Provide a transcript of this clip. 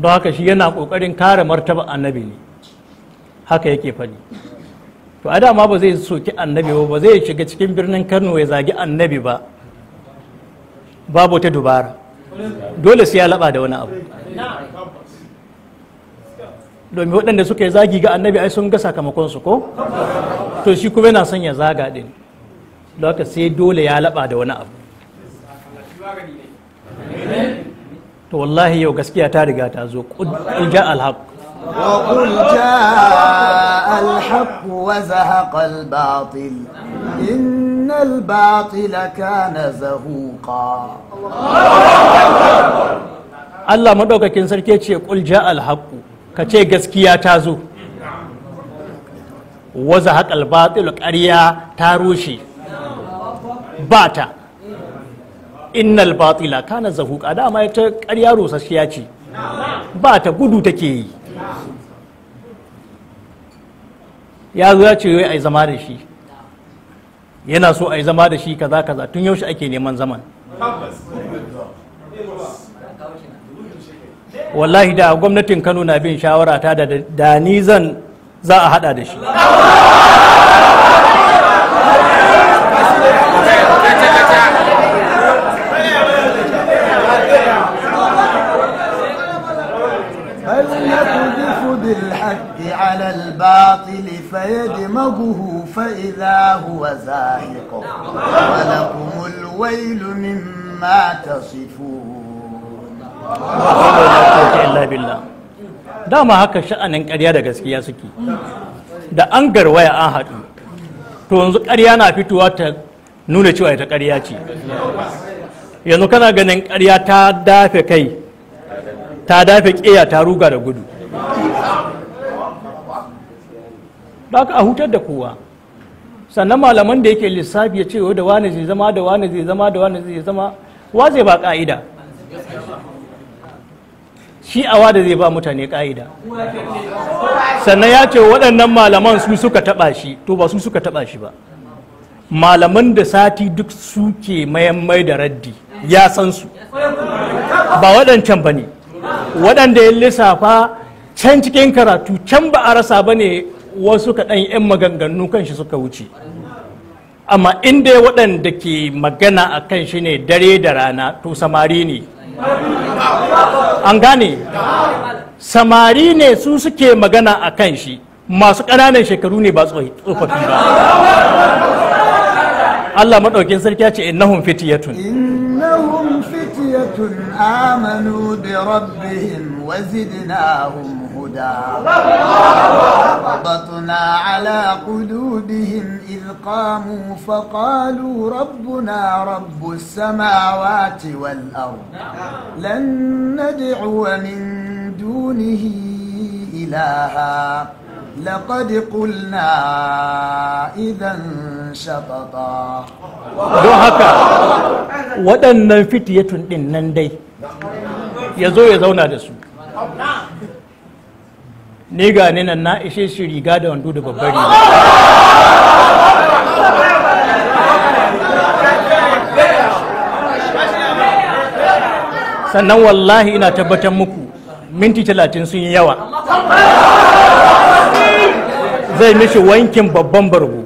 don haka shi yana kokarin kare martaba annabi ne haka yake faɗi to a dama ba zai soki annabi ba ba zai shiga cikin birnin kano ya zagi annabi ba babu ta dubara dole sai ya laba da wani abu domin waɗanda suka yi zagi ga annabi ai sun ga sakamakon su ko to shi kuma yana son ya zaga din don haka sai dole ya laba da wani abu to wallahi yau gaskiya ta riga ta zo qul ja al haqq wa qul ja al haqq wa batil inna al batila na zahuqa Allah madaukakin sarki ce ƙulja ja ka ce gaskiya ta zo wa zahaqa al batil ƙarya ta rushe ba ta innal batila kana zahuqa dama ita ƙarya rosasshiya ce ba ta gudu take yi ya zo ce wai ai zama da shi yana so ai zama da shi kaza kaza tun yaushe ake neman zaman wallahi da gwamnatin Kano na bin shawara ta da ni zan za a hada da shi يقذف بالحق على الباطل فيدمغه فإذا هو زاهق ولكم الويل مما تصفون إلا بالله haka sha'anin ƙarya da gaskiya suke da an garwaya an haɗu to yanzu karya na fitowa ta nuna cewa ita ƙarya ce yanzu kana ganin ƙarya ta dafe kai ta dafe ƙeya ta ruga da gudu ba ka a hutar da kowa sannan malaman da yake lissafi ya ce da wani zai zama da wani zai zama da wani zai zama wa zai ba ka'ida shi awa da zai ba mutane ka'ida sannan ya ce waɗannan malaman su suka taɓa shi to ba su suka taɓa shi ba malaman da sati duk suke mai da raddi ya san su ba waɗancan ba ne waɗanda ya lissafa can cikin karatu can ba a rasa ba ne wasu kaɗan 'yan maganganu kan shi suka wuce amma inda waɗanda ke magana a kan shi ne dare da rana to samari ne an gane samari ne su suke magana a kan shi masu ƙananan shekaru ne ba tsofaffi ba Allah maɗaukin sarki ya ce innahum fitiyatun آمنوا بربهم وزدناهم هدى ربطنا على قلوبهم إذ قاموا فقالوا ربنا رب السماوات والأرض لن ندعو من دونه إلها لقد قلنا إذا شططا don waɗannan fitiyatun ɗin nan dai ya zo ya zauna da su ni ga ni nan na ishe shi riga da wando da babbar sannan wallahi ina tabbatar muku minti talatin sun yi yawa zai mishi wankin babban bargo